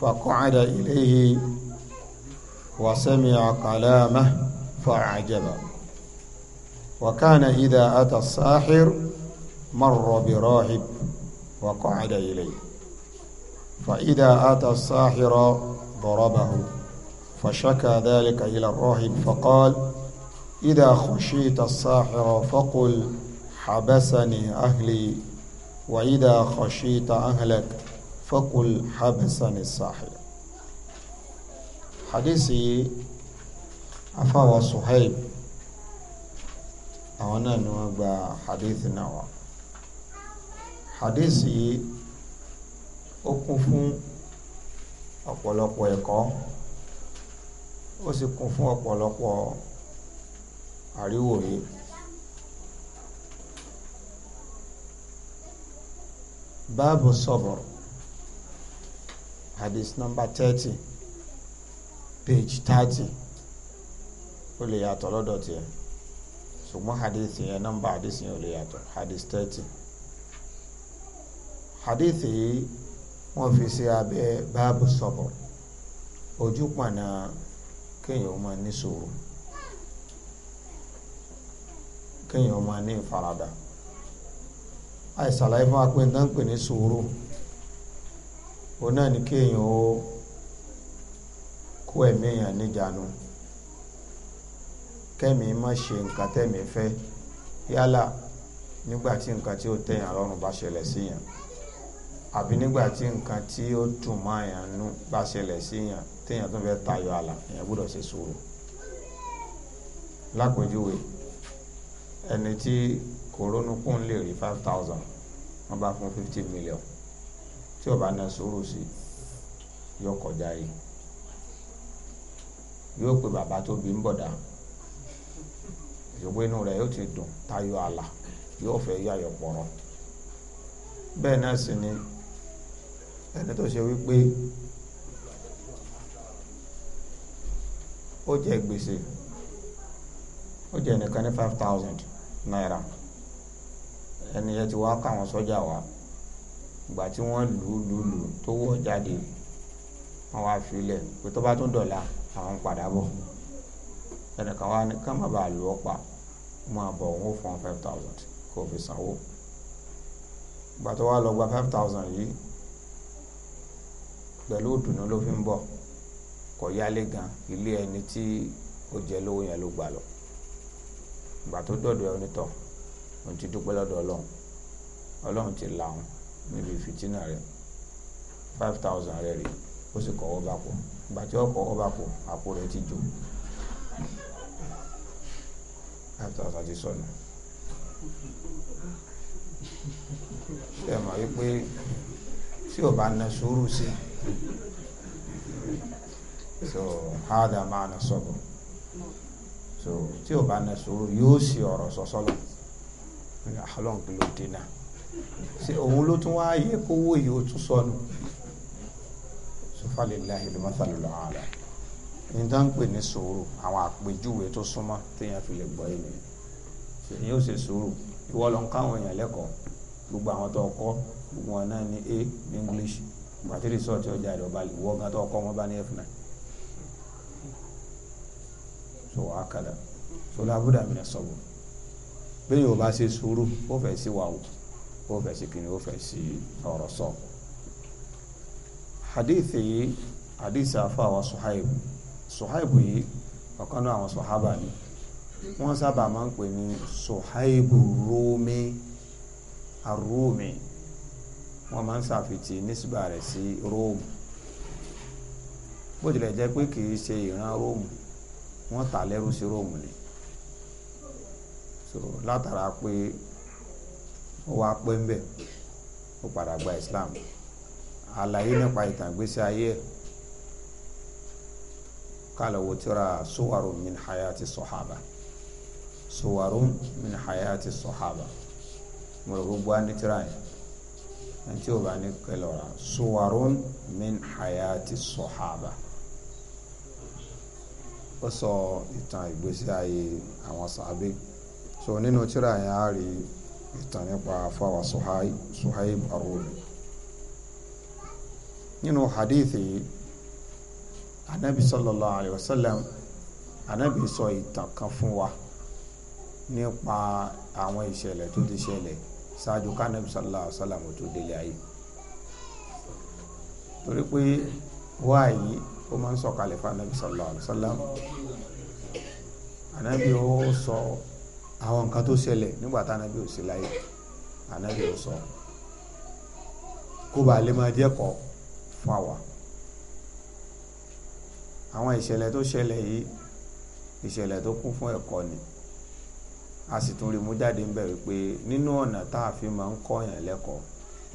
فقعد إليه وسمع كلامه فعجب وكان إذا أتى الساحر مر براهب وقعد إليه فإذا أتى الساحر ضربه فشكى ذلك إلى الراهب فقال إذا خشيت الساحر فقل حبسني أهلي وإذا خشيت أهلك fakul habasani sahib hadisi afawa suhaib àwọn náà ni wọ́n gba hadisi náà wá hadisi ó kún fún ọ̀pọ̀lọpọ̀ ẹ̀kọ́ ó sì kún fún ọ̀pọ̀lọpọ̀ àríwòye. báàbù sọ̀bọ̀rọ̀ hadith number thirty page thirty ó lè yàtọ̀ lọ́dọ̀ tiẹ̀ ṣùgbọ́n hadith yẹn nọ́mbà hadith yẹn ò lè yàtọ̀ hadith thirty hadith yìí wọ́n fi sí abẹ́ báàbù sọ̀bọ̀ ojú pọ̀nà kéèyàn máa ní sùúrù kéèyàn máa ní ìfaradà àìsàlàyé fún wa ń pè ní sùúrù òun náà ni kéèyàn ó kó ẹ̀mí èèyàn níjànú kẹ́mi má ṣe nǹkan tẹ́mi fẹ́ yálà nígbà tí nǹkan tí ó tẹ̀yàn lọ́rùn bá ṣẹlẹ̀ sí yàn àbí nígbà tí nǹkan tí ó dùn mọ́ àyàn nú bá ṣẹlẹ̀ sí yàn téèyàn tó fẹ́ tayọ àlà èèyàn gbọ́dọ̀ ṣe sùúrù lápèjúwe ẹni tí kòrónú kún lè rí five thousand wọ́n bá fún fifty million tí ọba bá na sùúrù sí yóò kọjá yìí yóò pe bàbá tó bí ń bọ̀ dá ìwé inú rẹ̀ yóò ti dùn tayọ àlà yóò fẹ́ yàyọ̀ pọ̀rọ̀ bẹẹ náà sì ni ẹni tó ṣe wípé ó jẹ gbèsè ó jẹ nìkan ní five thousand naira ẹni yẹn ti wá káwọn sọ́jà wá. ìgbà tí wọ́n lù ú lù ú lù ú tó wọ̀ jáde wọ́n wá filẹ̀ pé tó bá tún dọ̀la àwọn padà bọ̀ ẹnìkan wá ní ká má bàa lù ọ́ pa máa bọ̀ òun ó fún five thousand kó o fi sanwó ìgbà tó wá lọ gba five thousand yìí pẹ̀lú ìdùnnú ló fi ń bọ̀ kò yálé gan ilé ẹni tí ó jẹ lówó yẹn ló gbà lọ ìgbà tó dọ̀dọ̀ ẹ onítọ̀ òun ti dúpẹ́ lọ́dọ̀ ọlọ́run ọlọ́run ti la òun Maybe fifteen rẹ̀ five thousand rẹ̀ rè ó sì kọ́wọ́ bá kú ìgbà tí ó kọ́wọ́ bá kú àpò rẹ̀ ti jò five thousand ti sọnù ṣe mọ̀ wípé tí o bá na sùúrù sí so hada máa na sọ́bù so tí o bá na sùúrù yóò sì ọ̀rọ̀ sọ́sọ́lọ̀ àlọ́ nkìlọ̀ dínà ṣe òun ló tún wáá yẹ kówó yìí ó tún sọnù sọfàlélàhì ló máa sàlùlọ àwọn àlà ní tá ń pè ní sùúrù àwọn àpèjúwe tó súnmọ́ téèyàn fi lè gbọ́ èmi èyí ó ṣe sùúrù ìwọ ló ń káwọn èèyàn lẹ́kọ̀ọ́ gbogbo àwọn tó kọ́ gbogbo wọn náà ní a ní English pàtí rìsọ́ọ̀tì ọjà ìdọ̀ba ìwọ gan tó kọ́ wọn bá ní f9 so wàá kàdà so làbúdà mi ní sọ̀bù bí yóò bá ṣe sùúrù ó fẹ́ sí wa o ó fẹ́ sí kíni ó fẹ́ sí ọ̀rọ̀ sọ. hadith yìí hadith afa wa suhaib suhaib yìí ọ̀kan náà àwọn sọ̀hábà ni wọ́n sábà máa ń pè ní suhaib rumi arumi wọ́n máa ń ṣàfitì nísìbà rẹ̀ sí rome bó tilẹ̀ jẹ́ pé kì í ṣe ìran rome wọ́n tà lẹ́rú sí rome ni so látara pé ó wá pẹ́ ń bẹ̀ ó padà gba Islam àlàyé nípa ìtàgbésí ayé ẹ̀ kálọ̀wò tíra suwarun min hayati sọ̀hábà suwarun min hayati sọ̀hábà mo rò gbogbo á yẹn ẹni ó bá ní kẹlọ́ra suwarun min hayati sọ̀hábà ó sọ ìtàn ìgbésí ayé àwọn sàbẹ̀ so nínú tíra yẹn á rí i ìtàn nípa fáwọn Suhaib Ar-Rumi nínú hadithi anabi sallallahu Alaihi Wasallam. sallam anabi sọ ìtàn kan fún wa nípa àwọn ìṣẹ̀lẹ̀ tó ti ṣẹlẹ̀ ṣáájú kánẹ́bí sallallahu alayhi wa sallam tó délé ayé torí pé wáyé ó máa ń sọ̀kalẹ̀ fún anabi sallallahu alayhi wa sallam anabi ó sọ. So, àwọn nǹkan tó ṣẹlẹ̀ nígbà tá ànábì ò sí láyé ànábì ò sọ kó ba lè máa jẹ́kọ̀ọ́ fún àwa àwọn ìṣẹ̀lẹ̀ tó ṣẹlẹ̀ yìí ìṣẹ̀lẹ̀ tó kún fún ẹ̀kọ́ ni a sì tún rí mú jáde ń bẹ̀ wípé nínú ọ̀nà tá a fi máa ń kọ́yàn lẹ́kọ̀ọ́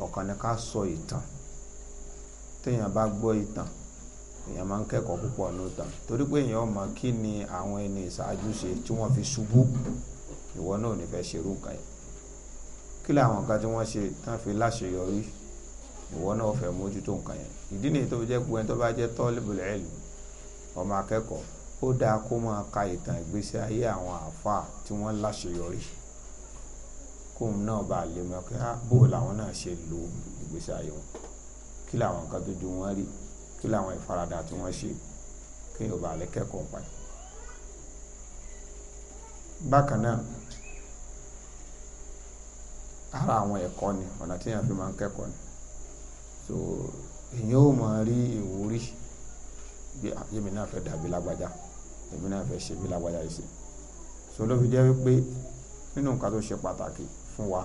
ọ̀kan ni ká sọ ìtàn téèyàn bá gbọ́ ìtàn èèyàn máa ń kẹ́kọ̀ọ́ púpọ̀ nù tàn torí pé èèyàn mọ̀ kí ni àwọn ẹni ìṣáájú ṣe tí wọ́n fi ṣubú ìwọ náà ò ní fẹ́ ṣerú nǹkan yẹn kí làwọn nǹkan tí wọ́n ṣe tán fi láṣeyọrí ìwọ náà fẹ́ mójútó nǹkan yẹn ìdí nìyí tó jẹ́ gbogbo ẹni tó bá jẹ́ tọ́lébùl ilm ọmọ akẹ́kọ̀ọ́ ó dáa kó máa ka ìtàn ìgbésí ayé àwọn àáfàá tí wọ́n láṣeyọrí kóun náà bá lè mọ̀ kí á bò làwọn náà ṣe lo ìgbésí ayé wọn kí làwọn nǹkan tó ju wọn rí kí làwọn ìfaradà tí wọ́n ṣe kí yóò kẹ́kọ̀ọ́ pa bákan náà ara àwọn ẹ̀kọ́ ni ọ̀nà tí èèyàn fi máa ń kẹ́kọ̀ọ́ ni so èèyàn ó máa rí ìwúrí bí èmi ah, náà fẹ́ dàbí lágbájá èmi náà fẹ́ ṣe bí lágbájá yìí sí so ló fi jẹ́ wípé nínú nǹkan tó ṣe pàtàkì fún wa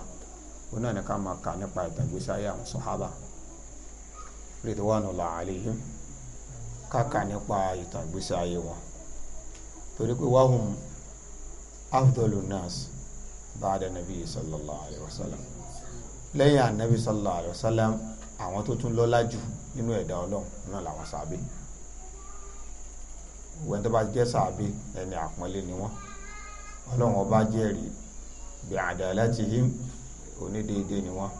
òun náà ni ká máa kà nípa ìtàgbésí ayé àwọn sọ̀hábà ridwanullahi alaihim ká kà nípa ìtàgbésí ayé wọn torí pé wahum afdolun báadà nàbí sallallahu alayhi wa sallam lẹ́yìn ànábì sallallahu alayhi wa sallam àwọn tó tún lọ́lá jù nínú ẹ̀dá ọlọ́run náà làwọn sàbí wọ́n tó bá jẹ́ sàbí ẹni àpọ́nlé ni wọ́n ọlọ́run ọba jẹ́rìí bí adalatihim onídéédé ni wọ́n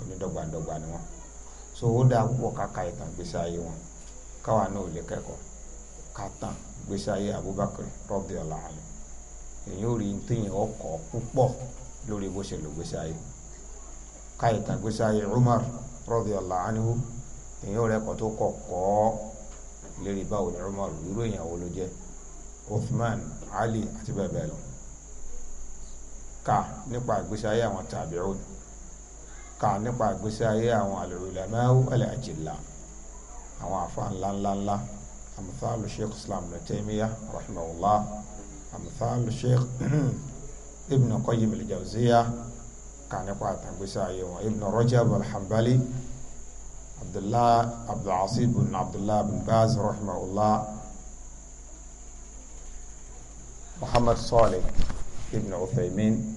onídọ́gbàdọ́gbà ni wọ́n so ó dáa púpọ̀ káka ìtàn gbèsè ayé wọn káwa náà ò lè kẹ́kọ̀ọ́ ká tàn gbèsè ayé Abubakar radiyallahu anhu èyí ò rí ntẹ̀yìn ọkọ̀ púpọ̀ lórí bó ṣe lò gbèsè ayé káyìtà gbèsè ayé Umar radiyallahu anhu èyí ò rẹ́kọ̀ tó kọ̀kọ́ lérí báwo ni Umar irú èyàn wo ló jẹ́ Uthman Ali àti bẹ́ẹ̀ bẹ́ẹ̀ lọ ká nípa gbèsè ayé àwọn tabi'un ká nípa gbèsè ayé àwọn al-ulama'u al-ajilla àwọn àfa ńláńláńlá amthalu Sheikh Islam Ibn Taymiyyah أمثال الشيخ ابن قيم الجوزية كان يقع تنقسى ابن رجب الحنبلي عبد الله عبد العصيب بن عبد الله بن باز رحمه الله محمد صالح ابن عثيمين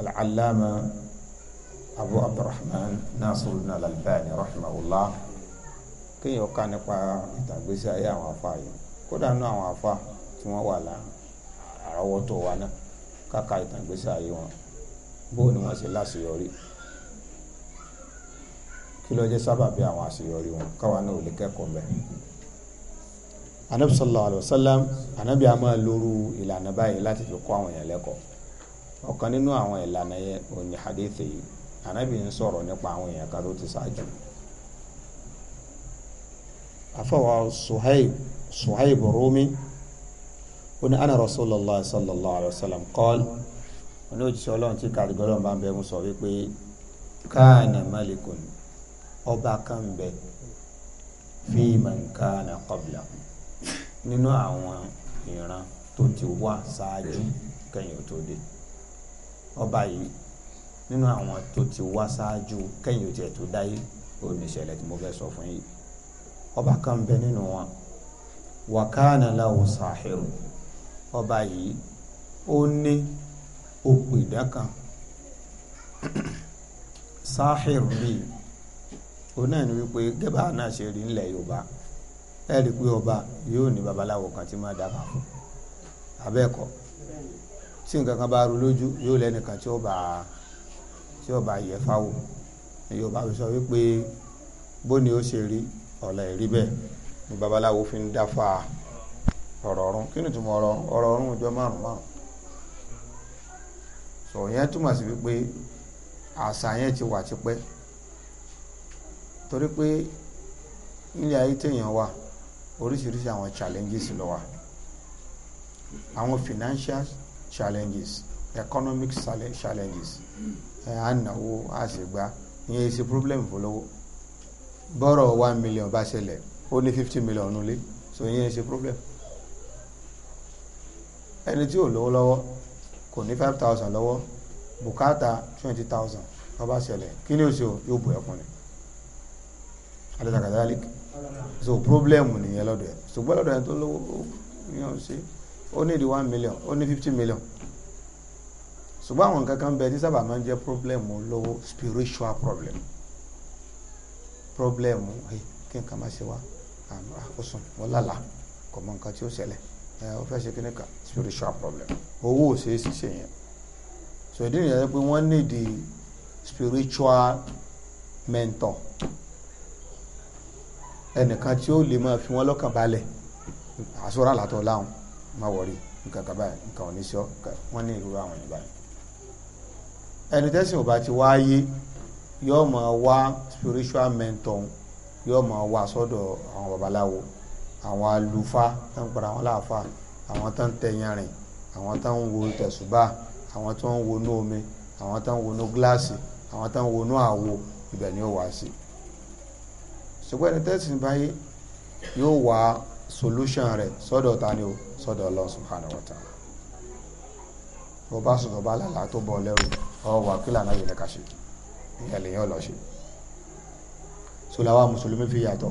العلامة أبو عبد الرحمن ناصر بن الألباني رحمه الله kéèyàn kà nípa ìtàgbésí ayé àwọn afa yìí kódà nú àwọn afa tí wọ́n wà àrọ́wọ́tó wa náà káka ìtàgbésí ayé wọn bóò ni wọ́n ṣe láṣeyọrí kí ló jẹ́ sábàbí àwọn àṣeyọrí wọn káwa náà ò lè kẹ́kọ̀ọ́ mbẹ́. anabi sallallahu alayhi wa sallam anabi a máa lóru ìlànà báyìí láti fi kọ́ àwọn èèyàn lẹ́kọ̀ọ́ ọ̀kan nínú àwọn ìlànà yẹn òní hadith yìí anabi ń sọ̀rọ̀ nípa àwọn èèyàn kan tó ti ṣáájú afawa suhaib suhaib rumi oni ana rasulallah sallallahu alaihi wa sallam kọ́l oni òjíṣẹ́ ọlọ́run tí kàdúgbò ọlọ́run bá ń bẹ mú sọ wípé káàna malikun ọba kan bẹ fi man káàna qabla nínú àwọn ìran tó ti wá ṣáájú kẹ́yìn tó dé ọba yìí nínú àwọn tó ti wá ṣáájú kẹ́yìn tó dé òun ìṣẹ̀lẹ̀ tí mo fẹ́ sọ fún yìí ọba kan bẹ nínú wọn wàkánà láwù sàhírù ọba yìí ó ní òpìdá kan sàhírù bíi òun náà ni wípé gẹ́bà náà ṣe rí ńlẹ̀ yorùbá ẹ rí i pé ọba yóò ní babaláwo kan tí máa dábàá fún abẹ́ẹ̀kọ́ tí nǹkan kan bá ru lójú yóò lẹ́nìkan tí ó bá tí ó bá yẹ fáwò yorùbá sọ wípé bó ni ó ṣe rí ọ̀lẹ́ rí bẹ́ẹ̀ ni babaláwo fi ń dáfà ọ̀rọ̀ ọ̀run kí ni túmọ̀ ọ̀rọ̀ ọ̀rọ̀ ọ̀run ọjọ́ márùn márùn sọ yẹn túmọ̀ sí wípé àṣà yẹn ti wà tipẹ́ torí pé nílé ayé téèyàn wà oríṣiríṣi àwọn challenges ló wà àwọn financial challenges economic challenges ẹ̀ à ń náwó àṣegbá ìyẹn èsì problem fọlọ́wọ́ bọ́rọ̀ one million bá ṣẹlẹ̀ ó ní fifty million nulẹ̀ so yẹn ṣe problem ẹni tí ò lówó lọ́wọ́ kò ní five thousand lọ́wọ́ bùkátà twenty thousand ọba ṣẹlẹ̀ kí ni oṣù yóò bu ẹ̀kún ni alẹ́sàkàtà alik so problem nìyẹn lọ́dọ̀ ẹ̀ ṣùgbọ́n lọ́dọ̀ ẹ̀ tó lówó yẹn ò ṣe ó ní di one million ó ní fifty million ṣùgbọ́n àwọn nǹkan kan bẹ tí sábà máa ń jẹ́ problem olówó spiritual problem pírọ́blẹ́mù ẹ kí nǹkan má ṣe wá ah, ó sùn wọ́n lálà kò mọ nǹkan tí ó ṣẹlẹ̀ ẹ ó fẹ́ ṣe kí nìkan spiritual problem owó ò ṣeé ṣiṣẹ́ yẹn so ìdí nìyẹn pé wọ́n ní di spiritual mentor ẹnìkan tí ó lè máa fi wọ́n lọ́kàn balẹ̀ àsọ̀rọ̀ àlàtọ̀ láwọn má wọ̀rí nǹkan kan báyìí nǹkan ò ní sọ wọ́n ní ìrora àwọn ènìyàn báyìí ẹni tẹ́sìn ò bá ti wáyé yóò máa wá spiritual mentor yóò máa wá sọ́dọ̀ àwọn babaláwo àwọn alufa tó ń padà wọn láàfa àwọn tó ń tẹyanrìn àwọn tó ń wo tẹ̀sùbà àwọn tó ń wonú omi àwọn tó ń wonú gíláàsì àwọn tó ń wonú àwo ibẹ̀ ni ó wá sí ṣùgbọ́n ẹni tẹ́sìn báyìí yóò wá solution rẹ̀ sọ́dọ̀ ta ni o sọ́dọ̀ Allah subhanahu wa ta'ala bá sọ̀rọ̀ bá lálàá tó bọ̀ lẹ́rù ọ̀ wà kí lànà yìí lẹ́ka ṣe ìyẹn lèyìn ọ̀lọ́ṣẹ́ sọláwà mùsùlùmí fi yàtọ̀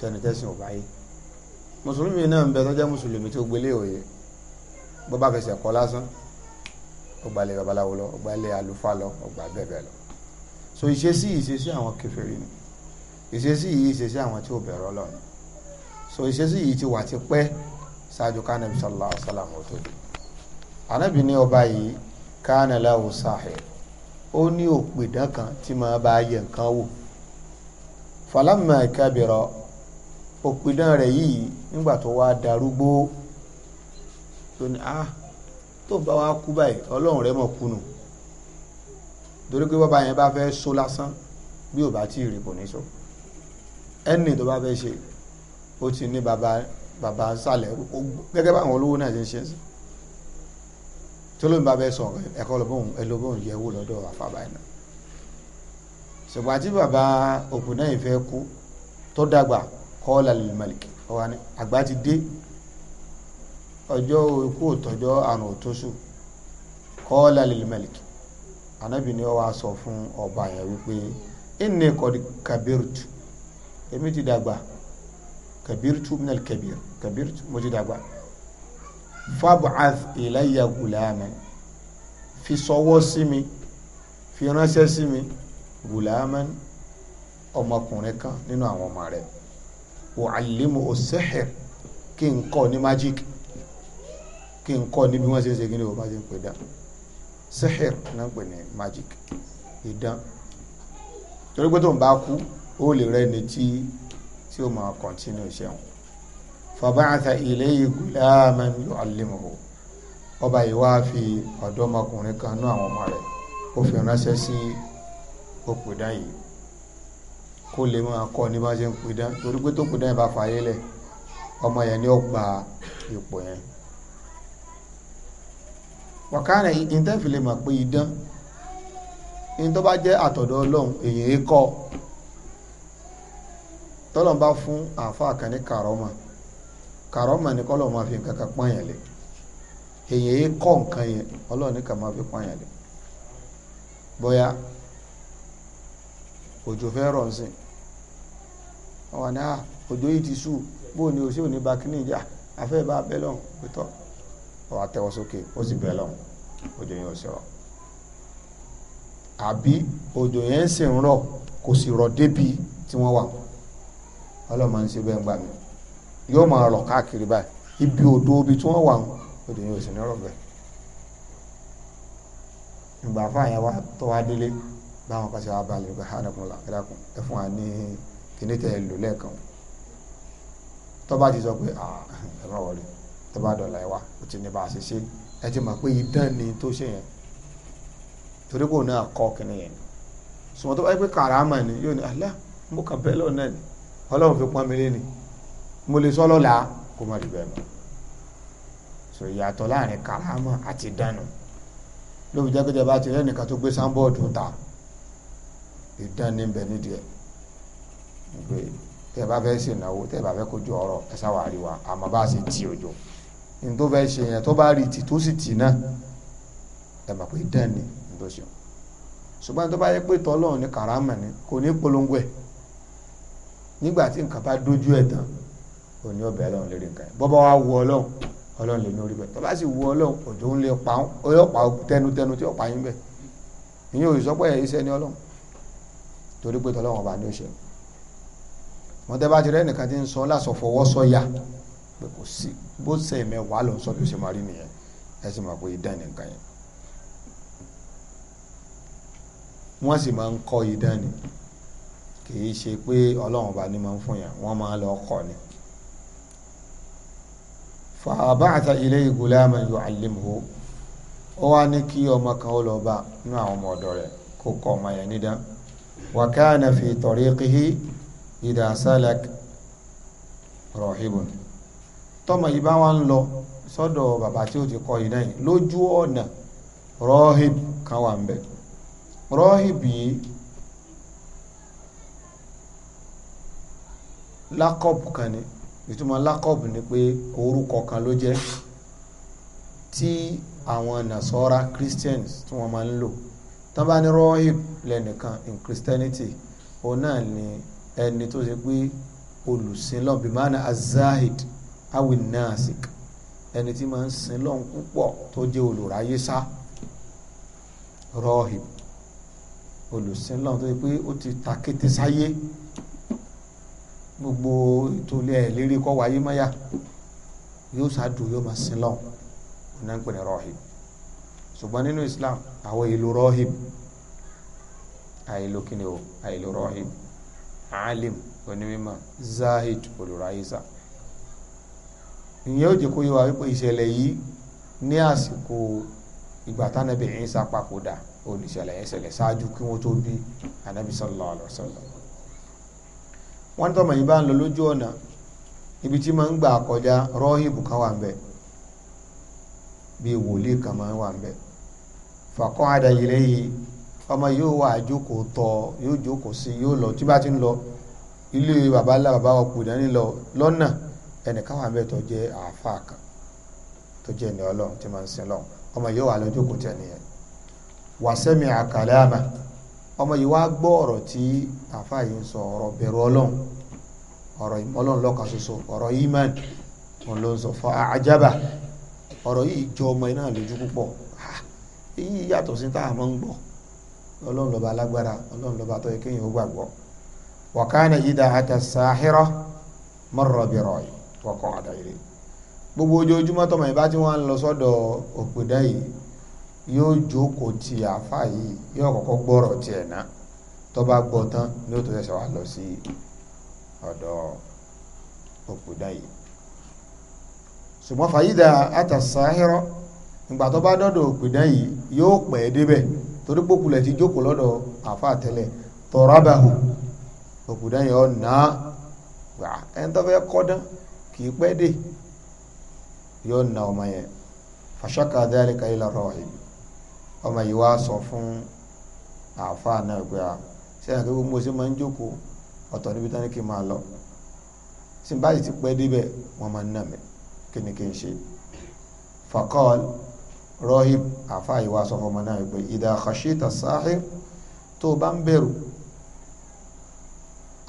sẹnitẹsìn ọba yìí mùsùlùmí náà ń bẹ tọjá mùsùlùmí tó gbélé òye bó bá fẹsẹ̀ kọ́ lásán ọgbàlẹ̀ babaláwo lọ ọgbàlẹ̀ àlùfáà lọ ọgbà bẹ́ẹ̀ lọ so ìṣesí ìṣesí àwọn kèfèrí ni ìṣesí yìí ìṣesí àwọn tí ò bẹ̀rẹ̀ Ọlọ́run so ìṣesí yìí ti wà ti pẹ́ ṣáájú kánàbí sallallahu alaihi wasallam tó di ànábì ní ọba yìí kánàláwò sáhẹ̀ ó ní òpìdán kan tí máa bá yẹ nǹkan wò Falama kabira òpìdán rẹ̀ yìí nígbà tó wá darúgbó tó ní ah tó bá wá kú báyìí ọlọ́run rẹ̀ mọ̀ kùnù torí pé bàbá yẹn bá fẹ́ so lásán bí ò bá tí ì rí kò ní so ẹnì tó bá fẹ́ ṣe ó ti ní bàbá bàbá sàlẹ̀ gẹ́gẹ́ báwọn olówó náà ṣe ń ṣe sí tó lóun bá fẹ́ sọ ẹ̀kọ́ lọ́bọ̀n ẹlòmọ̀n yẹ̀wò lọ́dọ̀ àfàbà náà ṣùgbọ́n àti bàbá òkú náà ìfẹ́ kú tó dàgbà kọ́ọ̀lá lil malik ọ̀wá ni àgbà ti dé ọjọ́ ikú òtọ́jọ́ àrùn òtóṣù kọ́ọ̀lá lil malik anábì ni ó wá sọ fún ọba yẹn wípé inni qad kabirtu èmi ti dàgbà kabirtu minal kabir kabirtu mo ti dàgbà fab'ath ilayya gulaman fi sọwọ́ sí mi fi ránṣẹ́ sí mi gulaman ọmọkùnrin kan nínú àwọn ọmọ rẹ̀ wàhálímù ọ̀sẹ̀hẹ̀ kí n kọ́ ní magic kí n kọ́ ní bí wọ́n ṣe ń ṣe gíní ọba ṣe ń pè dá sẹ́hẹ̀r náà ń pè ní magic ìdán torí pé tó ń bá kú ó lè rẹ ni tí tí ó máa kọ́ntínú iṣẹ́ wọn fàbáàtà ilé ìgúlá máa ń lo ọba yìí wá fi ọ̀dọ́mọkùnrin kan nú àwọn ọmọ rẹ̀ ó fi ránṣẹ́ sí ó pèdá yìí kó lè máa kọ́ ní bá ṣe ń pèdá torí pé tó pèdá yìí bá fàyè lẹ̀ ọmọ yẹn ni ó gba ipò yẹn wàkàrẹ̀ ìtẹ́fìlẹ̀ mà pé idán ní tó bá jẹ́ àtọ̀dọ̀ ọlọ́run èyàn é kọ́ tọ́lọ́n bá fún àáfàá kan ní kàrọ́mà kàrọ́mà ní kọ́lọ́n máa fi nǹkan kan pọ́nyàn lẹ̀ èyàn é kọ́ nǹkan yẹn ọlọ́run ní kàn máa fi pọ́nyàn lẹ̀ bóyá òjò fẹ́ rọ̀ ń sìn wọn wà ní à ah, òjò yìí ti sùn bó ni òṣèlú ní bakínì ìjà afẹ́ bá bẹ́ lọ́hùn pétọ́ ọ̀wà tẹ́wọ́ sókè ó sì bẹ́ lọ́hùn òjò yẹn ò sì rọ̀ àbí òjò yẹn sì ń rọ̀ kò sì rọ̀ débi tí wọ́n wà ọlọ́mọ ń ṣe bẹ́ẹ̀ ń gbà mí yóò máa rọ̀ káàkiri báyìí ibi odò ibi tí wọ́n wà òjò yẹn ò sì ní rọ̀ bẹ́ẹ̀ ìgbà fáyẹn wa tó wá délé báwọn kan ṣe wá balẹ̀ ọgbà hànàkùn là ẹ dákun ẹ fún wa ní kíní tẹ lò lẹ́ẹ̀kan tó bá ti sọ pé ẹ má wọlé tó bá dọ̀là ẹ wá ó ti ní bá a ṣe ṣe ẹ ti mọ̀ pé idán ni tó ṣe yẹn torí pé náà kọ́ kíní yẹn sùmọ́ tó bá yẹ pé kàràmà ni yóò ní alá mo kàn bẹ́ẹ̀ lọ́nà ni ọlọ́run fi pọ́n mi lé ni mo lè sọ lọ́la kó má rí bẹ́ẹ̀ mọ́ so ìyàtọ̀ láàrin kàràmà àti dánù lóbi jẹ́ pé tẹ bá ti rẹ́nìkan tó gbé sáńbọ́ọ̀dù ta ìdán ní bẹ nídìí ẹ̀ pé tẹ́ bá fẹ́ ṣe ìnáwó tẹ́ bá fẹ́ kojú ọ̀rọ̀ ẹ sáwà rí wa àmọ́ bá a ṣe ti òjò ní tó fẹ́ ṣe yẹn tó bá rí ti tó sì tì náà ẹ mọ̀ pé ìdán ní tó ṣe ṣùgbọ́n tó bá yẹ pé tọ́lọ́run ní karama ni kò ní polongo ẹ̀ nígbà tí nǹkan bá dójú ẹ̀ tán kò ní ọbẹ̀ ọlọ́run lórí nǹkan bọ́bá wa wù ọlọ́run ọlọ́run lè ní orí bẹ́ẹ̀ tó bá sì wù ọlọ́run òjò ń lè pa ó yọ pa tẹnutẹnu tí ó pa yín bẹ́ẹ̀ ìyẹn òyìnbó sọ pé ẹ̀ iṣẹ́ ni ọlọ́run torí pé tọ́lọ́wọ́n bá ní ó ṣe wọn tẹ́ bá ti rẹ́ nìkan ti ń sọ lásọ fọwọ́ sọ́yà pé kò sí bó ṣe mẹ́wàá ló ń sọ bí ó ṣe máa rí nìyẹn ẹ sì máa pé idán nìkan yẹn wọ́n sì máa ń kọ́ idán ni kì í ṣe pé ọlọ́run bá ní máa ń fún yàn wọ́n máa lọ kọ́ ni fàbáàtà ilé ìgúlámà yóò àlèmò ó wá ní kí ọmọ kan ó lọ bá nínú àwọn ọmọ ọ̀dọ̀ rẹ̀ kó kọ́ ọmọ yẹn nídán وكان في طريقه إذا سلك راهب ثم يبان له wọn lọ sọ́dọ̀ bàbá tí ó ti kọ́ iná yìí lójú ọ̀nà rọ́hìb kan wà ń bẹ̀ rọ́hìb yìí lákọ̀bù kan ni ìtumọ̀ lákọ̀bù ni pé orúkọ kan ló jẹ́ tí àwọn nàṣọ́ra christians tí wọ́n máa ń lò tán bá ní rọ́ọ̀hìn lẹ́nìkan in Christianity òun náà ni ẹni tó ṣe pé olùsìnlọ́n bí máa azahid awin nasik ẹni tí máa ń sinlọ́n púpọ̀ tó jẹ́ olùráyé sá rọ́ọ̀hìn olùsìnlọ́n tó ṣe pé ó ti ta kété sáyé gbogbo ìtòlẹ́ ẹ̀ lérí kọ́ wáyé mọ́yà yóò ṣáájú yóò máa sinlọ́n ọ̀nà ń pè ní rọ́ọ̀hìn ṣùgbọ́n nínú Islam àwọn ìlú rọ́hìb àìlò kíni o àìlò rọ́hìb alim onímọ̀ zahid olùráyíṣà ìyẹn ò jẹ́ kó yẹ wá wípé ìṣẹ̀lẹ̀ yìí ní àsìkò ìgbà tánàbì Ìsá papòdà olùṣẹ̀lẹ̀ yẹn ṣẹlẹ̀ ṣáájú kí wọ́n tó bí anábì sallallahu alaihi wasallam wọ́n ní tọ́mọ̀ yìí bá ń lọ lójú ọ̀nà ibi tí máa ń gbà kọjá rọ́hìbù kan wà ń bẹ̀ bíi wòlíì kan máa ń wà ń bẹ̀ faqa'ada ilayhi ọmọ yóò wà jókòó tọ yóò jókòó sí yóò lọ tí bá ti ń lọ ilé baba ńlá baba wa kù dání lọ lọ́nà ẹnìkan wà bẹ́ẹ̀ tó jẹ́ àáfàá kan tó jẹ́ ẹni ọlọ́run tí máa ń sin lọ́run ọmọ yóò wà lọ jókòó tẹ̀ nìyẹn wa sami'a kalama ọmọ yìí wá gbọ́ ọ̀rọ̀ tí àáfàá yìí ń sọ ọ̀rọ̀ bẹ̀rù ọlọ́run ọ̀rọ̀ ọlọ́run lọ́kàn èyí yàtọ̀ sí tá a máa ń gbọ́ ọlọ́run lọ́ba alágbára ọlọ́run lọ́ba tó yẹ kéèyàn ó gbàgbọ́ wa kana idha ata sahira marra bi ra'i wa qa'ada ilayhi gbogbo ojoojúmọ́ tọmọ ìbá tí wọ́n ń lọ sọ́dọ̀ òpèdá yìí yóò jókòó ti àáfà yìí yóò kọ́kọ́ gbọ́rọ̀ tiẹ̀ náà tó bá gbọ́ tán ni ó tó ṣẹ̀ṣẹ̀ wá lọ sí ọ̀dọ̀ òpèdá yìí ṣùgbọ́n fàyídà àtàsáhírọ́ ìgbà tó bá dọ́dọ̀ òpìdán yìí yóò pẹ́ débẹ̀ torí pòkulẹ̀ ti jókòó lọ́dọ̀ àfa àtẹ́lẹ̀ tọ́rábàhù òpìdán yìí ọ̀nà ẹni tó fẹ́ kọ́dán kì í pẹ́ dé yóò na ọmọ yẹn fàṣọkà dhalika ila rahib ọmọ yìí wá sọ fún àfa náà pé a ṣe àkẹ́kọ̀ọ́ mo ṣe máa ń jókòó ọ̀tọ̀ níbi tán kí n máa lọ tí n ti pẹ́ débẹ̀ wọ́n máa ń nà mí kí ni kí n ṣe fàkọ́ọ̀lù rọ́hìb àfáà ìwà sọ fọmọ náà pé ìdá khashita sáhìr tó bá ń bẹ̀rù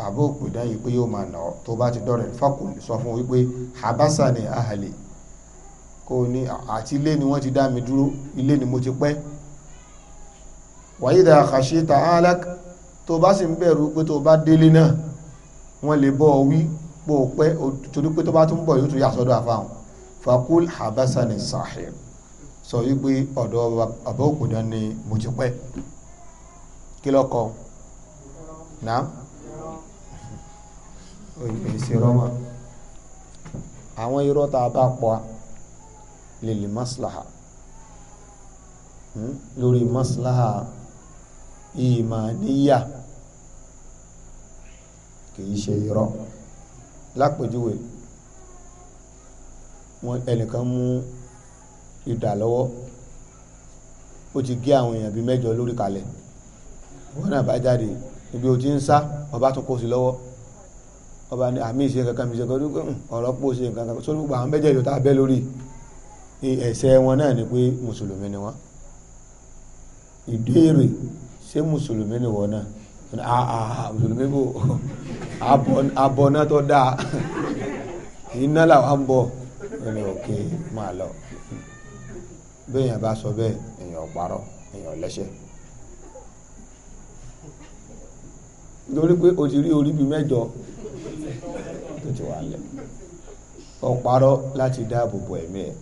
àbó òpìdá yìí pé yóò máa nà ọ́ tó bá ti dọ̀rẹ̀ fọ́kù sọ fún wípé habasa ni ahàlè kò ní àti ilé ni wọ́n ti dá mi dúró ilé ni mo ti pẹ́ wàyídà khashita alak tó bá sì ń bẹ̀rù pé tó bá délé náà wọ́n lè bọ́ ọ wí pò pẹ́ torí pé tó bá tún bọ̀ yóò tún yà sọ́dọ̀ àfáhùn fakul habasa ni sahib sọ wípé ọ̀dọ̀ bàbá òkúdán ni mo ti pẹ́ kí lọ́kọ náà èsì rọ́mà àwọn irọ́ tá a bá pọ̀ lèlè maslaha hmm? lórí maslaha ìmàníyà kìí ṣe irọ́ lápèjúwe wọn ẹnìkan mú idà lọ́wọ́ ó ti gé àwọn èèyàn bíi mẹ́jọ lórí kalẹ̀ wọn náà bá jáde ibi ò ti ń sá ọba tún kó sí lọ́wọ́ ọba ní àmì ìṣe kankan mi hmm, ṣe kan ọ̀rọ̀ pò ṣe kankan sórí gbogbo àwọn mẹ́jẹ̀ẹ̀jọ tá a bẹ́ lórí ẹ̀ṣẹ̀ wọn náà ni pé mùsùlùmí ni wọn ìbéèrè ṣé mùsùlùmí ni wọn náà àà mùsùlùmí bò abọ náà tó dáa iná làwọn bọ ẹni òkè máa lọ bẹ́ẹ̀yàn bá sọ bẹ́ẹ̀ èèyàn parọ́ èèyàn lẹ́ṣẹ̀ lórí pé o ti rí orí bíi mẹ́jọ tó ti wà lẹ̀ ó parọ́ láti dáàbò bo ẹ̀mí ẹ̀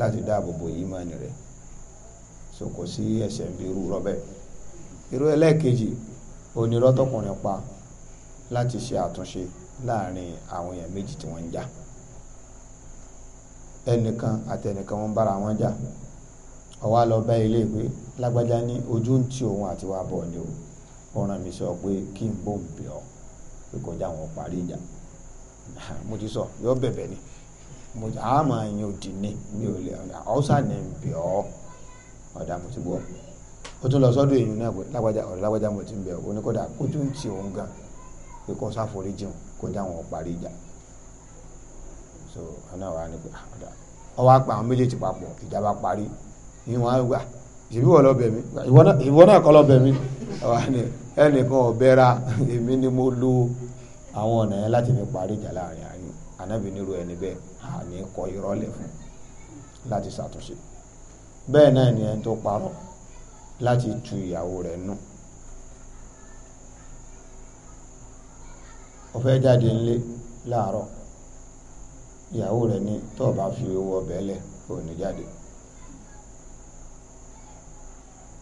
láti dáàbò bo ìmánì rẹ̀ so kò sí ẹ̀ṣẹ̀ ń bí irú rọ́bẹ̀ irú ẹlẹ́ẹ̀kejì onírọ́ tọkùnrin pa láti ṣe àtúnṣe láàrin àwọn èèyàn méjì tí wọ́n ń jà. Ja ẹnìkan àtẹnìkan wọn bára wọn jà ọwọ́ lọ bá ilé ìwé lágbájá ní ojú ń ti òun àti wàá bọ̀ ni o ó ràn sọ pé kí n bò ń bẹ̀ ọ́ pé kò wọn parí ìjà mo ti sọ yọ bẹ̀bẹ̀ ni mo ti àmọ́ ẹ̀yin òdì ni mi ò lè ọ̀sà ni ń bẹ̀ ọ́ ọ̀dà mo ti gbọ́ ó tún lọ sọ́dọ̀ èèyàn náà pé lágbájá ọ̀rẹ́ lágbájá mo ti ń bẹ̀ ọ́ oníkọ́dà ojú ń ti òun gan pé kó sáforíjì kó já wọn parí ìjà so ọ̀nà wa ni pé ah, ọ̀dà ọwọ́ apá àwọn méjèèjì papọ̀ ìjàmbá parí ìwọ̀n àgbà ìbí wọ̀ lọ́bẹ̀ mi ìwọ náà kọ́ lọ́bẹ̀ mi ẹnìkan ọ̀bẹ́ra èmi ni mo lo àwọn ọ̀nà yẹn láti fi parí ìjà láàrin àárín anábì nírú ẹni bẹ́ẹ̀ àní kọ ìrọ́lẹ̀ fún láti ṣàtúnṣe bẹ́ẹ̀ náà ni ẹni tó parọ́ láti tu ìyàwó rẹ̀ nù ó fẹ́ jáde ńlé láàárọ̀ ìyàwó rẹ̀ ní tó o bá fi owó ọbẹ̀ lẹ̀ ò ní jáde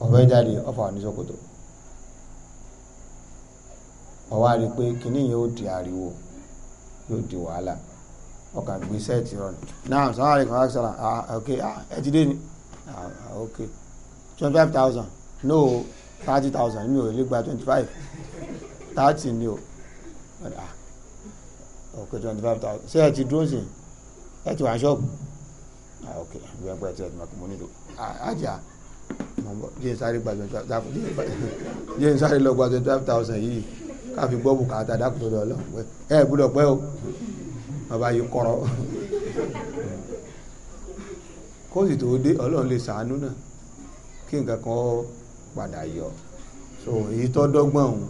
ọbẹ̀ jáde ọfà oníṣòkòtò ọwọ́ àrí pé kínní yóò di ariwo yóò di wàhálà ọkàn gbé sẹ́ẹ̀tì rọ̀ náà sọ́wọ́n àrí kan ṣọ́ra ok ah, ẹ ti dé ni ah, ah, ok twenty five thousand no thirty thousand mi ò lè gba twenty five thirty ni o ok twenty five thousand ṣé ẹ ti dúró sí ẹ ti wà ṣọ́ọ̀bù ok bí wọn pẹ ti ẹ ti máa kú mo nílò àjà jẹ́ sáré gba twenty five thousand jẹ́ sáré lọ gba twenty five thousand yìí káfi gbọ́ bùkátà dákútó lọ lọ ẹ gbúdọ̀ pẹ́ o bàbá yìí kọ̀rọ̀ kóòsì tó dé ọlọ́run lè sàánú náà kí nǹkan kan padà yọ so èyí tó dọ́gbọ́n òun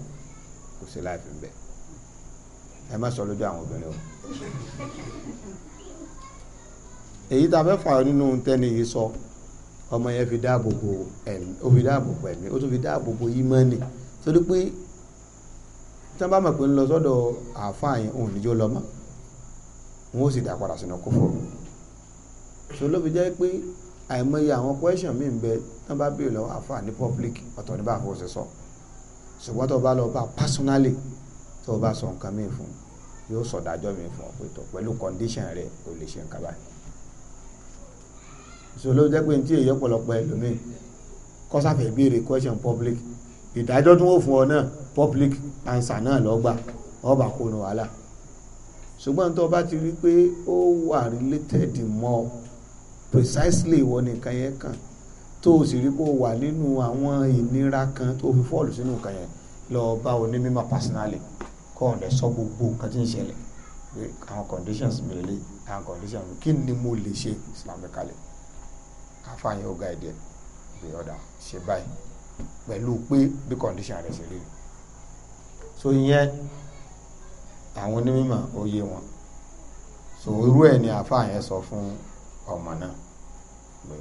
kò sí láìpẹ́ bẹ́ẹ̀ ẹ má sọ lójú àwọn obìnrin o èyí tá a fẹ́ fà ọ́ nínú tẹ́ni yìí sọ ọmọ yẹn fi dáàbò bo ẹ̀mí ó fi dáàbò bo ẹ̀mí ó tún fi dáàbò bo ìmánì torí pé tí wọ́n bá mọ̀ pé ń lọ sọ́dọ̀ àáfàá yẹn òun níjó lọ mọ́ wọn ó sì dà padà sínú kófò so ló fi jẹ́ pé àìmọye àwọn question mi ń bẹ tí wọ́n bá béèrè lọ́wọ́ àáfàá ní public ọ̀tọ̀ ní bá àfọwọ́sẹ̀ sọ ṣùgbọ́n tó bá lọ bá personally tó o bá sọ nǹkan míì fún un yóò sọ dájọ́ míì fún ọ pé tó pẹ̀lú condition rẹ kò lè ṣe nǹkan báyìí ìṣòro jẹ́ pé ní tí èyí ọ̀pọ̀lọpọ̀ ẹlòmíì kọ́sáfẹ́ béèrè question public ìdájọ́ tó wò fún ọ náà public answer náà lọ́gbà ọba kò nu wàhálà ṣùgbọ́n tó o bá ti rí pé ó wà related mọ́ precisely ìwọ nìkan yẹn kàn tó o sì rí pé o wà nínú àwọn ìnira kan tó o fi fọ́ọ̀lù sínú nǹkan yẹn lọ bá onímọ̀ personally kọ́ ọ̀dẹ sọ gbogbo nǹkan tí ń ṣẹlẹ̀ àwọn conditions mi lè àwọn conditions mi kí ni mo lè ṣe islamically àfààyàn ọ̀gá ẹ̀dẹ̀ bí ọ̀dà ṣe báyìí pẹ̀lú pé bí condition rẹ̀ ṣe rí so ìyẹn àwọn onímọ̀ òye wọn so irú ẹ̀ ni àfààyàn sọ fún ọmọ náà pé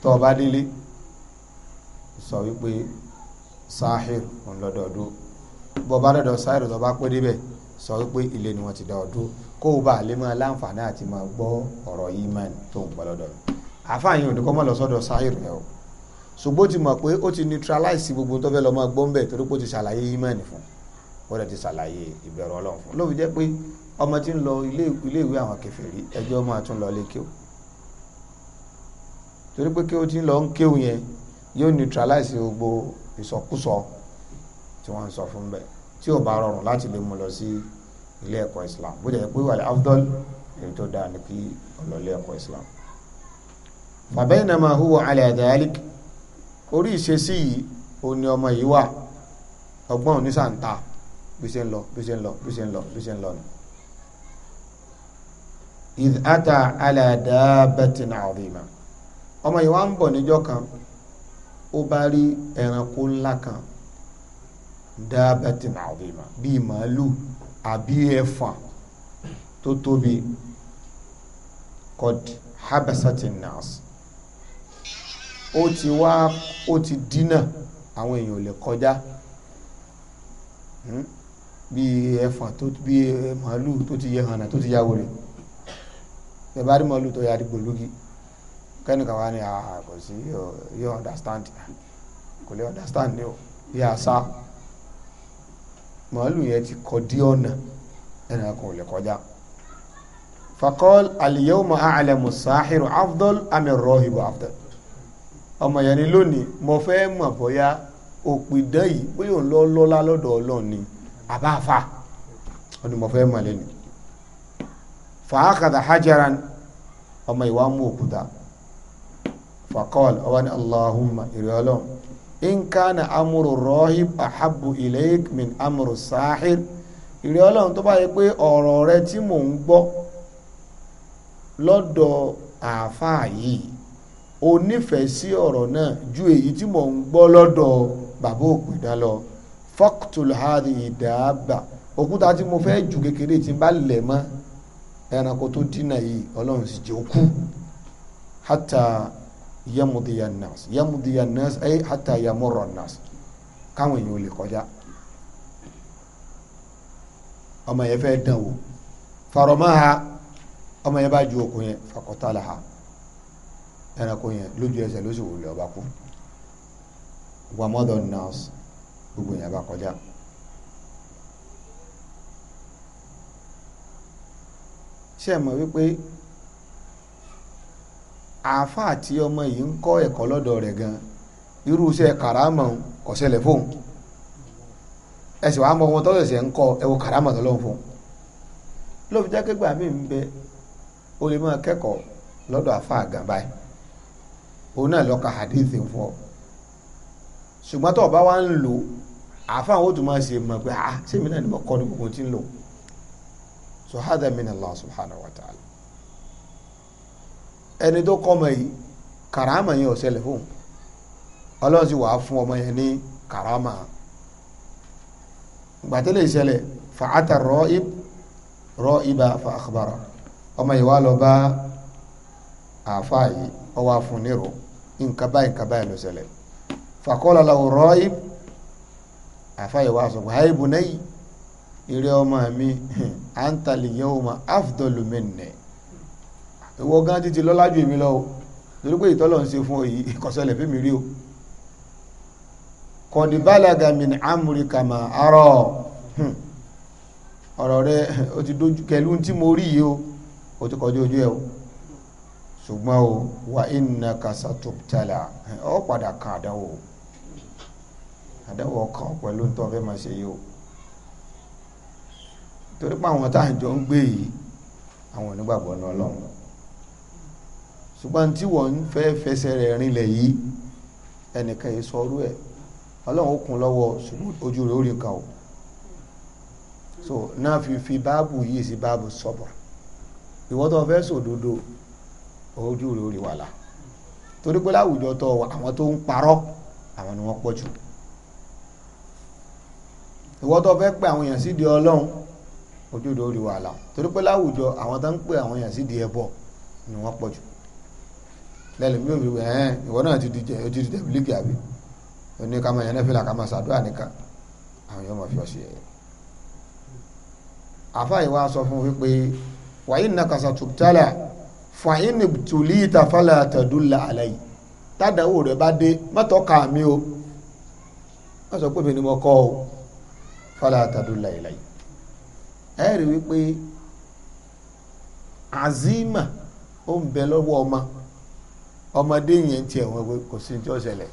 tó o bá délé sọ wípé sáhìr ńlọdọọdún bọba dọdọ sáyẹrù tó bá pé débẹ̀ sọ wípé ilé ni wọn ti dá ọ dúró kó o bá lè máa láǹfààní àti máa gbọ́ ọ̀rọ̀ yìí máa tó ń gbọ́ lọ́dọ̀ àfààní òní kọ lọ sọ́dọ̀ sáyẹrù yẹn o ṣùgbọ́n ti mọ̀ pé ó ti neutralize gbogbo tó fẹ́ lọ máa gbọ́ ń bẹ̀ torí pé ó ti ṣàlàyé yìí máa nìfún ó dẹ̀ ti ṣàlàyé ìbẹ̀rù Ọlọ́run fún ló fi jẹ́ pé ọmọ tí ń lọ iléèwé àwọn kèfèrí ẹjọ́ máa tún lọ lé kéwù torí pé kéwù tí ń lọ ń kéwù yẹn yóò neutralize gbogbo ìsọkúsọ tí wọ́n ń sọ fún bẹ́ẹ̀ tí ò bá rọrùn láti lè mú lọ sí ilé ẹ̀kọ́ Islam bó jẹ́ pé wàlẹ̀ afdol èyí tó dáa ni kí ọlọ́lé ẹ̀kọ́ Islam. fabaynama huwa ala dhalik orí ìṣesí yìí ó ní ọmọ yìí wà ọgbọ́n onísàǹtà bí ṣe ń lọ bí ṣe ń lọ bí ṣe ń lọ bí ṣe ń lọ ni. idh ata ala dabbatin adhima ọmọ yìí wá ń bọ̀ níjọ́ kan ó bá rí ẹranko ńlá kan dábàtìn àdìmà bíi màálù àbí ẹfọ̀n tó tóbi kọ́d habasatin nas ó ti wá ó ti dínà àwọn èèyàn ò lè kọjá hmm? bí ẹfọ̀n tó bí màálù tó ti yẹ hànà tó ti yá wọlé bẹ́ẹ̀ bá rí màálù tó yá àdìgbò lógi kẹ́nìkan wá ní àhà ah, understand kò lè understand ni ó yà sá màálù yẹn ti kọ dí ọ̀nà ẹnì kan ò lè kọjá fakọ́l al-yawma a'lamu as-sahiru afdal am ar-rahibu afdal ọmọ yẹn ni lónìí mo fẹ́ mọ̀ bóyá òpìdán yìí bóyá òun lọ lọ́lá lọ́dọ̀ ọlọ́run ni àbáfà ó ní mo fẹ́ mọ̀ lẹ́nu fàákàdà hajaran ọmọ ìwà mú òkúta fakọ́l ọwọ́ ni allahumma ìrẹ́ in kana amúrò rọ́hìm ahabu ilayk min amúrò sáhìr ìrẹ́ ọlọ́run tó bá pé ọ̀rọ̀ rẹ tí mò ń gbọ́ lọ́dọ̀ àáfàá yìí o nífẹ̀ẹ́ sí ọ̀rọ̀ náà ju èyí tí mò ń gbọ́ lọ́dọ̀ bàbá òpìdá lọ òkúta tí mo fẹ́ kékeré tí n bá lẹ̀ mọ́ yamudiya nas yamudiya nas ay hata yamurra nas káwọn èèyàn ò lè kọjá ọmọ yẹn fẹ́ dán wò faramaha ọmọ yẹn bá ju okùn yẹn fakọtalaha ẹranko yẹn lójú ẹsẹ̀ ló sì wòlé ọba kú wàmọdọ nas gbogbo yẹn bá kọjá. ṣé ẹ mọ̀ wípé àáfà àti ọmọ yìí ń kọ́ ẹ̀kọ́ lọ́dọ̀ rẹ̀ gan irú iṣẹ́ kàrámà kò ṣẹlẹ̀ fóun ẹsẹ̀ wàá mọ wọn tọ́sẹ̀sẹ̀ ń kọ́ ẹwọ kàrámà tó lọ́hùn fóun ló fi jẹ́ mí ń bẹ o lè máa kẹ́kọ̀ọ́ lọ́dọ̀ àáfà àgàn báyìí òun náà lọ́ka hadith ń fọ́ ṣùgbọ́n tó o bá wá ń lò àáfà àwọn òtún máa ṣe mọ̀ pé ah sẹ́mi náà ni mo kọ́ ní gbogbo tí ń lò so hadha min Allah subhanahu wa ta'ala ẹni tó kọ́ ọmọ yìí kàràmà yẹn ò ṣẹlẹ̀ fún un ọlọ́run sì wàá fún ọmọ yẹn ní kàràmà gbàtẹ́lẹ̀ ìṣẹ̀lẹ̀ fàátà rọ́ìb rọ́ìbà fàkbàrà ọmọ yìí wá lọ bá àáfàá yìí ó wá fún nírò nǹkan báyìí nǹkan báyìí ló ṣẹlẹ̀ fàkọ́lá làwọn rọ́ìb yìí wá sọ pé àìbùnáyì ìrẹ́ ọmọ mi àǹtàlì yẹ́wò máa ìwọ gan títí lọ́lá ju èmi lọ o torí pé ìtọ́lọ̀ ń ṣe fún ọ yìí ìkọ̀sẹ̀lẹ̀ fún mi rí o kọ̀dìbálàgà min amúri kàmà arọ hmm. ọ̀rọ̀ rẹ o ti dojú kẹlú tí mo rí yìí o o ti kọjú ojú ẹ o ṣùgbọ́n o wà iná kàṣà tó tẹ̀lá ọ padà kan àdánwò àdánwò kan pẹ̀lú tó fẹ́ máa ṣe yìí o torí pé àwọn táà jọ ń gbé yìí àwọn onígbàgbọ́ náà ṣùgbọ́n tí wọ́n ń fẹ́ fẹsẹ̀ rẹ̀ rinlẹ̀ yìí ẹnìkan yìí sọ ọrú ẹ̀ ọlọ́run ó kún lọ́wọ́ ṣùgbọ́n ojú rẹ̀ ó rí nǹkan so náà fi fi báàbù yìí sí báàbù sọ̀bọ̀ ìwọ́n tó fẹ́ sòdodo ojú rẹ̀ ó rí wàhálà torí pé láwùjọ tó àwọn tó ń parọ́ àwọn ni wọ́n pọ̀ jù ìwọ́n tó fẹ́ pé àwọn èèyàn sídìí ọlọ́run ojú rẹ̀ ó rí wàhálà torí pé láwùjọ àwọn tó ń pè àwọn èèyàn sídìí ẹbọ ni wọ́n pọ̀ jù lẹ́lẹ̀mí òbí wẹ̀ ẹ́ ìwọ náà ti di jẹ ojú ti tẹ̀lé lígì àbí oní ká máa yẹn náà fi là ká máa ṣàdúrà nìkan àwọn yóò máa fi ọṣẹ yẹn. àfa ìwà sọ fún wípé wàyí nàkàṣà tùbítàlà fàyín tùlí ìtàfàlà tàdúlà àlẹ́ yìí tádàwó rẹ̀ bá dé mọ́tò ká mi o wọ́n sọ pé mi ni mo kọ́ o fàlà tàdúlà ìlẹ̀ yìí ẹ wípé azima ó ń bẹ lọ́wọ́ ọmọ ọmọdé yẹn ti ẹ̀wọ̀n pé kò sí ní tí ó ṣẹlẹ̀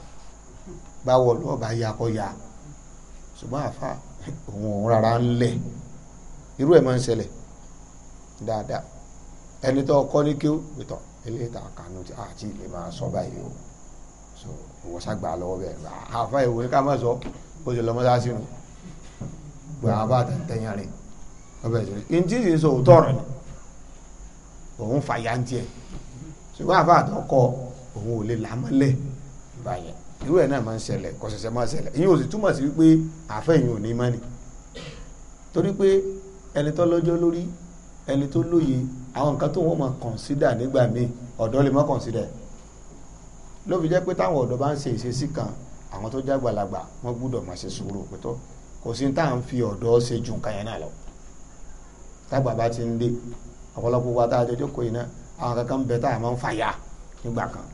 báwọ̀ lọ́ọ́ bá ya kọ́ ya ṣùgbọ́n àfa òun òun rárá ń lẹ̀ irú ẹ̀ máa ń ṣẹlẹ̀ dáadáa ẹni tó kọ́ ní kí ó gbẹ̀tọ̀ ilé ìta kànú ti àti ilé máa sọ báyìí o so ìwọ sàgbà lọ́wọ́ bẹ́ẹ̀ àfa ìwé ká má sọ bó ṣe lọ mọ́sáàsì nù gbà àfa àtẹ̀yìn rẹ̀ ọbẹ̀ ṣe kí n sọ òótọ́ rẹ̀ òun fàyà ń tiẹ̀ ṣùgbọ́n àfa àtọ́kọ́ òun ò lè là á mọ́lẹ̀ báyẹn irú ẹ̀ náà máa ń ṣẹlẹ̀ kò ṣẹ̀ṣẹ̀ máa ṣẹlẹ̀ ìyẹn ò sì túmọ̀ sí wípé àfẹ́yìn ò ní mọ́ ni torí pé ẹni tó lọ́jọ́ lórí ẹni tó lóye àwọn nǹkan tó wọ́n máa consider nígbà míì ọ̀dọ́ lè má consider ló fi jẹ́ pé táwọn ọ̀dọ́ bá ń ṣe ìṣesí kan àwọn tó jágbàlagbà wọ́n gbúdọ̀ máa ṣe sùúrù pẹ̀tọ́ kò sí tá à ń fi ọ̀dọ́ ṣe ju nǹkan yẹn náà lọ tágbà bá ti ń dé ọ̀pọ̀lọpọ̀ wa tá a jọjọ́ kò yìí náà àwọn kankan ń bẹ tá a máa ń fàyà nígbà kan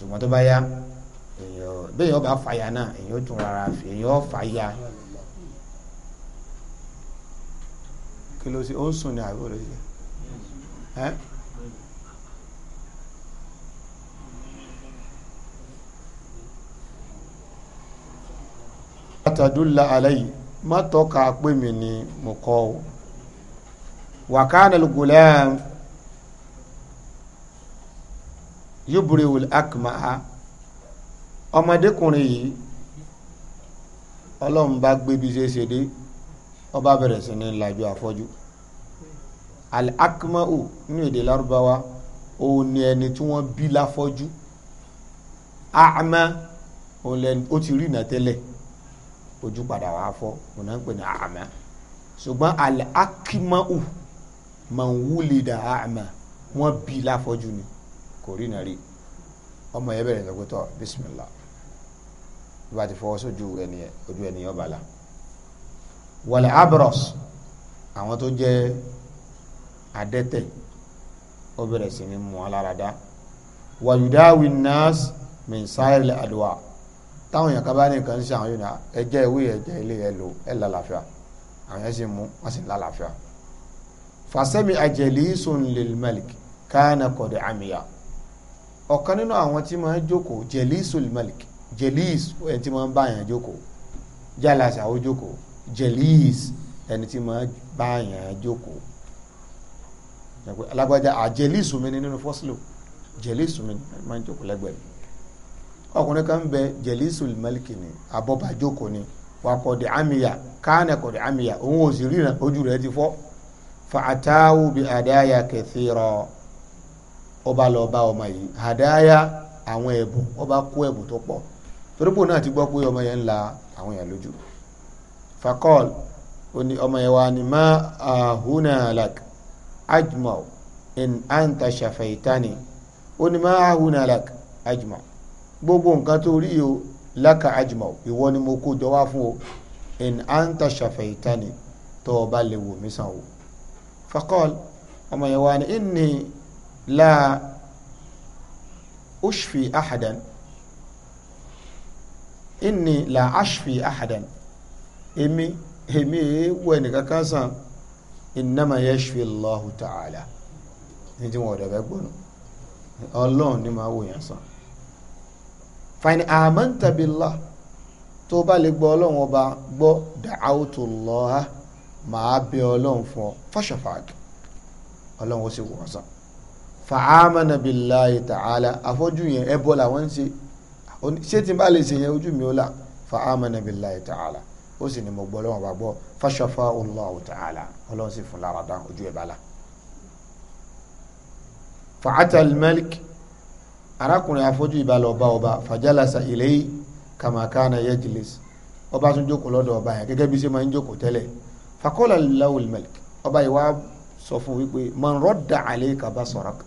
ṣùgbọ́n tó bá yá èèyàn bẹ́ẹ̀ yóò bá fàyà náà èèyàn ó tún rárá fi èèyàn ó fàyà. kí ló ṣe ó ń sùn ní àbúrò rẹ ṣe ẹ. atadula alayi má tọ́ka pé mi ni mo kọ́ ọ wàkánà yubriwul akmaha ọmọdékùnrin yìí ọlọ́run bá gbébi ṣe ṣe dé ọba bẹ̀rẹ̀ sí ní lajú afọ́jú al-akma'u nínú èdè lárúbáwá òun ni ẹni tí wọ́n bí láfọ́jú àmà òun lẹni ó ti rí ìnà tẹ́lẹ̀ ojú padà wá fọ́ òun náà ń pè ní àmà ṣùgbọ́n al-akma'u man wulida àmà wọ́n bí láfọ́jú ni kò rí nàrí ọmọ yẹn bẹ̀rẹ̀ lọ́gbọ́tọ̀ bisimilá bí wàá ti fọwọ́ sójú ẹni ojú ẹni ọba la wàlẹ̀ abros àwọn tó jẹ́ adẹ́tẹ̀ ó bẹ̀rẹ̀ sí ní mú aláradá wàyùdáwì nọ́ọ̀sì mìsáìlì àdùá táwọn èèyàn kábàá nìkan ń ṣe àwọn yìí náà ẹjẹ́ ìwé ẹjẹ́ ilé ẹ lò ẹ lálàáfíà àwọn yẹn sì mú wọ́n sì lálàáfíà fasẹ́mi àjẹlí sùn malik káànà kọ̀dẹ̀ ọ̀kan nínú àwọn tí máa ń jókòó jelisul malik jelis ẹni tí máa ń báyàn jókòó jálàsà ó jókòó jelis ẹni tí máa ń báyàn jókòó alágbájá àjẹlísù mi ni nínú fọ́sílò jẹlísù mi máa ń jókòó lẹ́gbẹ̀ẹ́ mi ọkùnrin kan ń bẹ jẹlísù malik ni abọ́bà jókòó ni wà kọ̀dì àmìyà káànà kọ̀dì àmìyà òun ò sì ríran ojú rẹ̀ ti fọ́ fa àtàwù àdáyà kẹsì rọ̀ ọba lọ bá ọmọ yìí àdáyà àwọn ẹ̀bùn ọba kó ẹ̀bùn tó pọ̀ torípò náà ti gbọ́ pé ọmọ yẹn ń la àwọn yẹn lójú fakọ́l oní ọmọ yẹn wà ní má ahuna lak ajmau in anta shafaitani oní má ahuna lak ajmau gbogbo nǹkan tó rí o laka ajmau ìwọ ni mo kó jọ fún o in anta shafaitani tó o bá lè wò mí sàn o fakọ́l ọmọ yẹn wà ní inni la ushfi ahadan inni la ashfi ahadan èmi èmi wo ẹnìkan kan sàn innama yashfi allahu ta'ala ní tí wọn ò dẹ̀bẹ̀ gbọ́nù ọlọ́run ni màá wò yẹn sàn fàìní amanta billah tó bá lè gbọ́ ọlọ́run ọba gbọ́ da'awtu allaha màá bẹ ọlọ́run fún ọ fashafa'at ọlọ́run ó sì wọ̀ sàn fa'amana billahi ta'ala afọ́jú yẹn ẹbọ làwọn ń ṣe ṣé tí n bá lè ṣe yẹn ojú mi ó là fa'amana billahi ta'ala ó sì ní mo gbọ́ lọ́wọ́ bá gbọ́ fàṣọfà Allahu ta'ala ọlọ́run sì fún lára dán ojú ẹ̀ bá là. fa'ata al-malik arákùnrin afọ́jú ìbá lọ bá ọba fajalasa ilayhi kama kana yajlis ọba tún jókòó lọ́dọ̀ ọba yẹn gẹ́gẹ́ bí ṣe máa ń jókòó tẹ́lẹ̀ faqala lahu malik ọba yìí wá sọ fún wípé man radda alayka basarak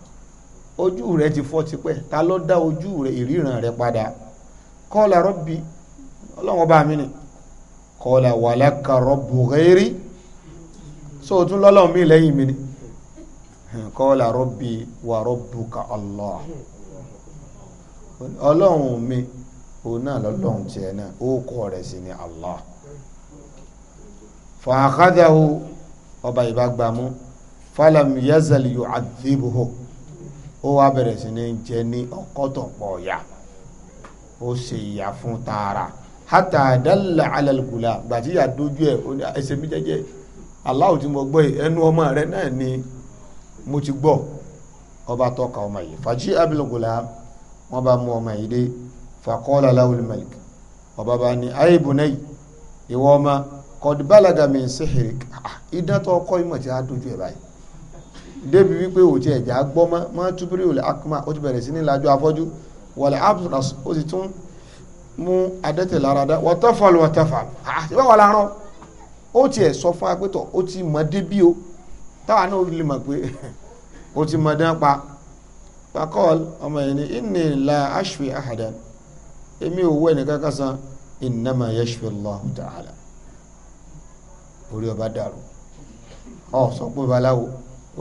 ojú rẹ ti fọ́ tipẹ́ ta ló dá ojú rẹ ìríran rẹ padà kọ́ọ̀lá rọ́bì ọlọ́wọ́n bá mi nì kọ́ọ̀lá wàlákà rọ́bù ghairi so tún lọ́lọ́run mi lẹ́yìn mi ni kọ́ọ̀lá rọ́bì wà rabbuka Allah ọlọ́run mi òun náà lọ́lọ́run tiẹ̀ náà ó kọ́ rẹ̀ sí ni Allah fàákàdáwó ọba ìbá gbàmú falam yazal yu'adhibuhu ó wá bẹ̀rẹ̀ sí ní jẹ ní ọkọ́tọ̀ pọ̀ ọ̀yà ó ṣe ìyà fún tààrà hátà dálà alẹ́lùkùlà gbàtí ìyà dojú ẹ̀ ó ní ẹsẹ̀ mi jẹ́jẹ́ aláwọ̀ tí mo gbọ́ ẹnu ọmọ rẹ náà ni mo ti gbọ́ ọba tọ́ka ọmọ yìí fàjí abilùkùlà wọn bá mú ọmọ yìí dé fàkọ́lá láwùlì mẹ́lìkì ọba bá ní ayé bùnẹ́yì ìwọ ọmọ kọ̀dùbálàgàmì sèhìrì ìdán ah, tó ìmọ̀ tí a dojú ẹ̀ báyìí débi wípé òtí ẹ̀já gbọ́ mọ́ mọ́ túbúrú ìwòlẹ̀ akuma ó ti bẹ̀rẹ̀ sí ní lajú afọ́jú wọ̀lẹ̀ abdulas ó sì tún mú adẹ́tẹ̀ lára dá wọ́tọ́fọ̀lù wọ́tọ́fọ̀lù àti ah, báwa la rán ó tiẹ̀ sọ fún apẹ́tọ̀ ó ti mọ̀ débi o táwa náà ó lè mọ̀ pé ó ti mọ̀ dán pa pakọ́l ọmọ yìí ni inni la ashfi ahadan èmi ò wọ ẹnìkan kan san innama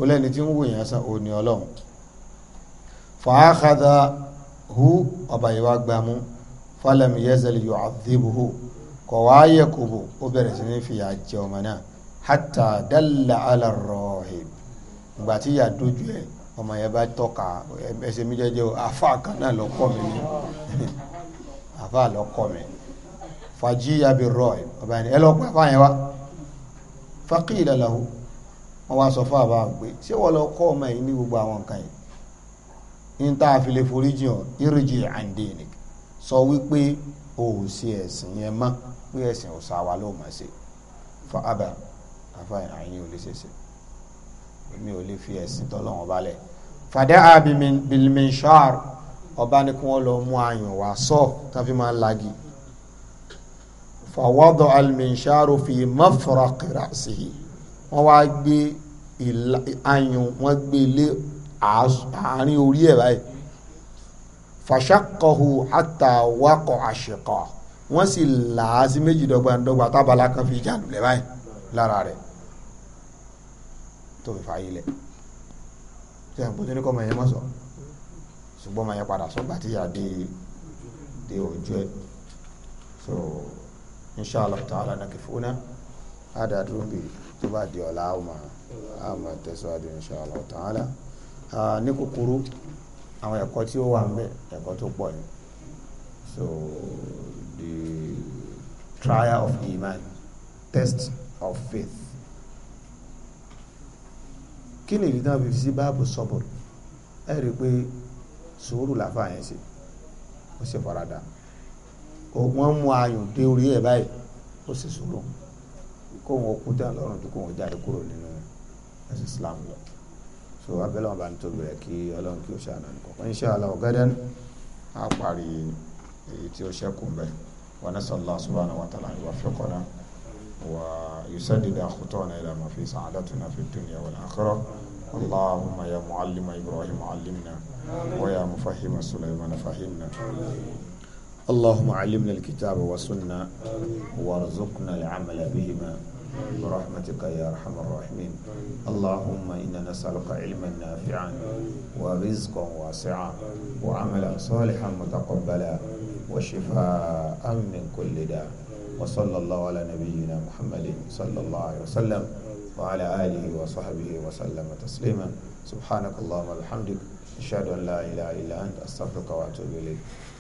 ó lẹ́ni tí ń wò yẹn sàn òní ọlọ́run fàákàdà hu ọba yìí wá gbàmú falẹ̀mù yẹ́sẹ̀lì yóò àdébùhù kọ̀ wáyé kùbù ó bẹ̀rẹ̀ sí ní fìyà jẹ ọmọ náà hàtà dálà alàrọ̀ọ̀hì ìgbà tí ìyà dojú ẹ̀ ọmọ yẹn bá tọ́ka ẹsẹ̀ mi jẹ́jẹ́ àfa kan náà lọ́kọ́ mi ni àfa lọ́kọ́ mi fàjíyà bí ọba yẹn ẹ lọ́kọ́ àfa yẹn wá fàkìlà làwọn wọ́n wá sọ fún àbá pé ṣé wọ́n lọ kọ́ ọmọ yìí ní gbogbo àwọn nǹkan yìí ní tá a fi lè foríjì ọ ìrìjì àǹdíìnì sọ wípé o ò sí ẹ̀sìn yẹn mọ́ pé ẹ̀sìn ò sá wa ló mọ̀ sí fa abà afa àyìn ò lè ṣèṣe èmi ò lè fi ẹ̀sìn tọ́lọ́wọ́n balẹ̀ fàdé abiliminshar ọba ni kí wọ́n lọ mú ayùn wá sọ tán fi máa ń lagi fàwọ́dọ̀ aliminshar fi mọ́fọ́rọ́ kìrà sí i wọ́n wá gbé ayùn wọ́n gbé lé àárín orí ẹ̀ báyìí fàṣàkọ̀hù àtàwákọ̀ àṣekọ̀ wọ́n sì là á sí méjì dọ́gbandọ́gba tábàlá kan fi jà lulẹ̀ báyìí lára rẹ̀ tó fi fààyè lẹ̀ ṣe àpò tó ní kọ́ ọmọ yẹn mọ̀ sọ ṣùgbọ́n ọmọ yẹn padà sọ tí yà dé dé ojú ẹ̀ so inshallah ta'ala nakifuna hada drum bi tó bá di ọ̀la a máa tẹ̀síwájú insha Allah ta'ala ní kúkúrú àwọn ẹ̀kọ́ tí ó wà ń bẹ̀ ẹ̀kọ́ tó pọ̀ ni so the trial of iman test of faith kí ni ìdí náà fi sí báàbù sọ́bùrù ẹ rí i pé sùúrù làáfàá yẹn ṣe ó ṣe faradà wọ́n mú ayùn dé orí ẹ̀ báyìí ó sì sùúrù kóun ó kú tán lọ́rùn tó kóun jáde kúrò nínú ẹ̀sìn Islam lọ so abẹ́lẹ́ wọn bá ń tóbi rẹ̀ kí ọlọ́run kí ó ṣàánà nìkan insha Allah gẹ́dẹ́n á parí èyí tí ó ṣẹ́kù mbẹ́ wa nasallahu subhanahu wa ta'ala yuwaffiqana wa yusaddida khutana ila ma fi sa'adatuna fi dunya wal akhirah اللهم يا معلم إبراهيم علمنا ويا مفهم سليمان فهمنا اللهم علمنا الكتاب والسنة وارزقنا العمل بهما برحمتك يا أرحم الراحمين اللهم إنا نسألك علما نافعا ورزقا واسعا وعملا صالحا متقبلا وشفاء من كل داء وصلى الله على نبينا محمد صلى الله عليه وسلم وعلى آله وصحبه وسلم تسليما سبحانك اللهم وبحمدك أشهد أن لا إله إلا أنت أستغفرك وأتوب إليك